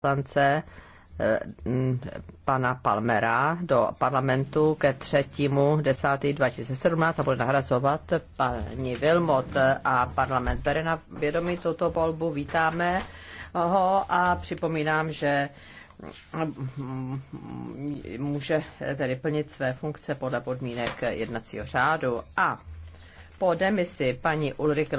poslance eh, pana Palmera do parlamentu ke 2017 a bude nahrazovat paní Vilmot a parlament bere na vědomí tuto volbu. Vítáme ho a připomínám, že mm, může tedy plnit své funkce podle podmínek jednacího řádu. A po demisi paní Ulrike